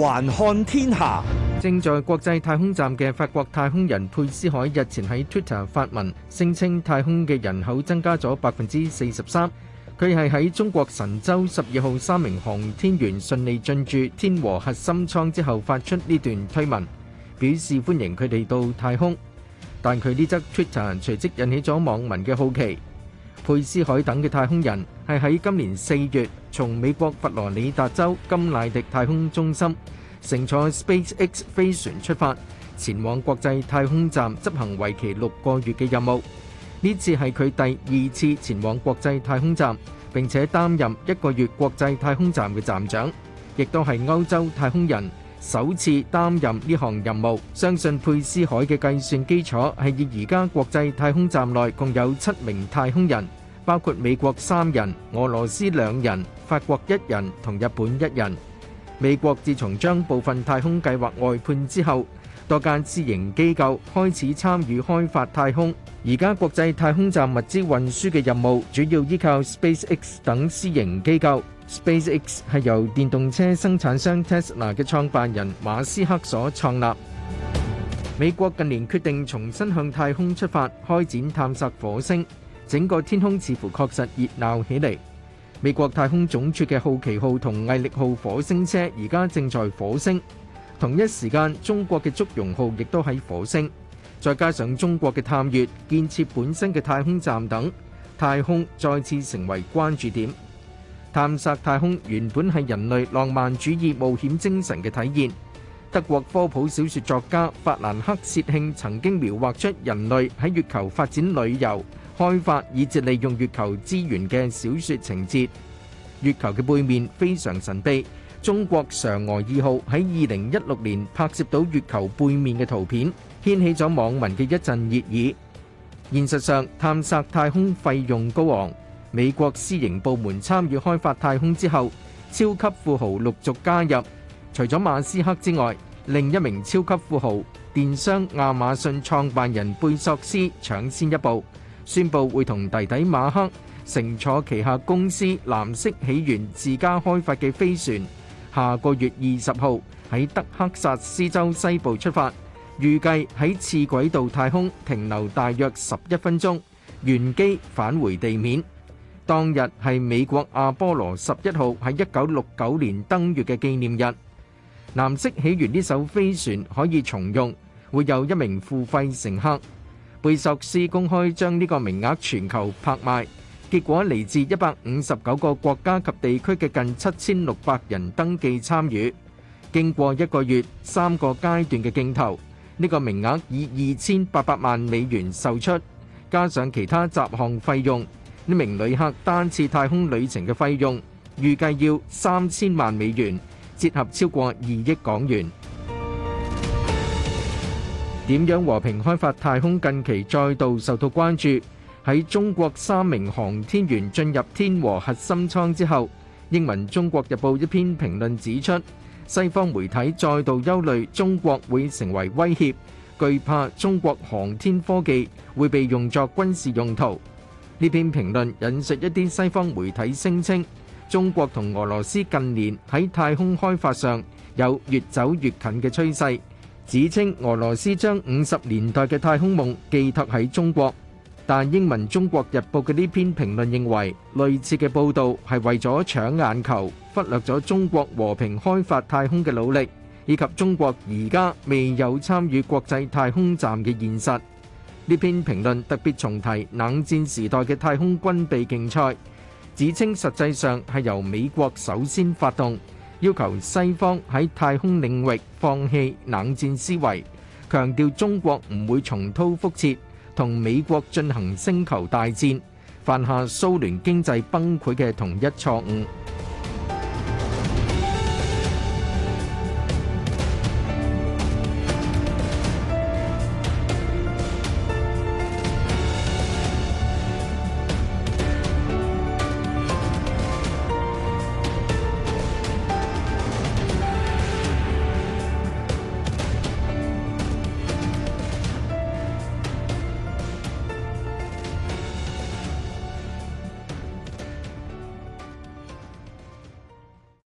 環看天下，正在國際太空站嘅法國太空人佩斯海日前喺 Twitter 發文，聲稱太空嘅人口增加咗百分之四十三。佢係喺中國神舟十二號三名航天員順利進駐天和核心艙之後發出呢段推文，表示歡迎佢哋到太空。但佢呢則 Twitter 隨即引起咗網民嘅好奇。佩斯海等嘅太空人係喺今年四月。從美國佛羅里達州甘迺迪太空中心乘坐 SpaceX 飛船出發，前往國際太空站執行為期六個月嘅任務。呢次係佢第二次前往國際太空站，並且擔任一個月國際太空站嘅站長，亦都係歐洲太空人首次擔任呢項任務。相信佩斯海嘅計算基礎係以而家國際太空站內共有七名太空人，包括美國三人、俄羅斯兩人、法國一人同日本一人。美國自從將部分太空計劃外判之後，多間私營機構開始參與開發太空。而家國際太空站物資運輸嘅任務主要依靠 SpaceX 等私營機構。SpaceX 係由電動車生產商 Tesla 嘅創辦人馬斯克所創立。美國近年決定重新向太空出發，開展探索火星。整個天空似乎確實熱鬧起嚟。美國太空總署嘅好奇號同毅力號火星車而家正在火星。同一時間，中國嘅祝融號亦都喺火星。再加上中國嘅探月建設本身嘅太空站等，太空再次成為關注點。探索太空原本係人類浪漫主義冒險精神嘅體現。德國科普小説作家法蘭克·薛慶曾經描畫出人類喺月球發展旅遊。開發以至利用月球資源嘅小說情節，月球嘅背面非常神秘。中國嫦娥二號喺二零一六年拍攝到月球背面嘅圖片，掀起咗網民嘅一陣熱議。現實上，探索太空費用高昂。美國私營部門參與開發太空之後，超級富豪陸續加入。除咗馬斯克之外，另一名超級富豪、電商亞馬遜創辦人貝索斯搶先一步。宣布會同弟弟馬克乘坐旗下公司藍色起源自家開發嘅飛船，下個月二十號喺德克薩斯州西部出發，預計喺次軌道太空停留大約十一分鐘，原機返回地面。當日係美國阿波羅十一號喺一九六九年登月嘅紀念日。藍色起源呢艘飛船可以重用，會有一名付費乘客。貝索斯公開將呢個名額全球拍賣，結果嚟自一百五十九個國家及地區嘅近七千六百人登記參與。經過一個月三個階段嘅競投，呢、這個名額以二千八百萬美元售出，加上其他雜項費用，呢名旅客單次太空旅程嘅費用預計要三千萬美元，折合超過二億港元。點樣和平開發太空近期再度受到關注。喺中國三名航天員進入天和核心艙之後，英文《中國日報》一篇評論指出，西方媒體再度憂慮中國會成為威脅，懼怕中國航天科技會被用作軍事用途。呢篇評論引述一啲西方媒體聲稱，中國同俄羅斯近年喺太空開發上有越走越近嘅趨勢。指稱俄羅斯將五十年代嘅太空夢寄託喺中國，但英文《中國日報》嘅呢篇評論認為，類似嘅報道係為咗搶眼球，忽略咗中國和平開發太空嘅努力，以及中國而家未有參與國際太空站嘅現實。呢篇評論特別重提冷戰時代嘅太空軍備競賽，指稱實際上係由美國首先發動。要求西方喺太空領域放棄冷戰思維，強調中國唔會重蹈覆轍同美國進行星球大戰，犯下蘇聯經濟崩潰嘅同一錯誤。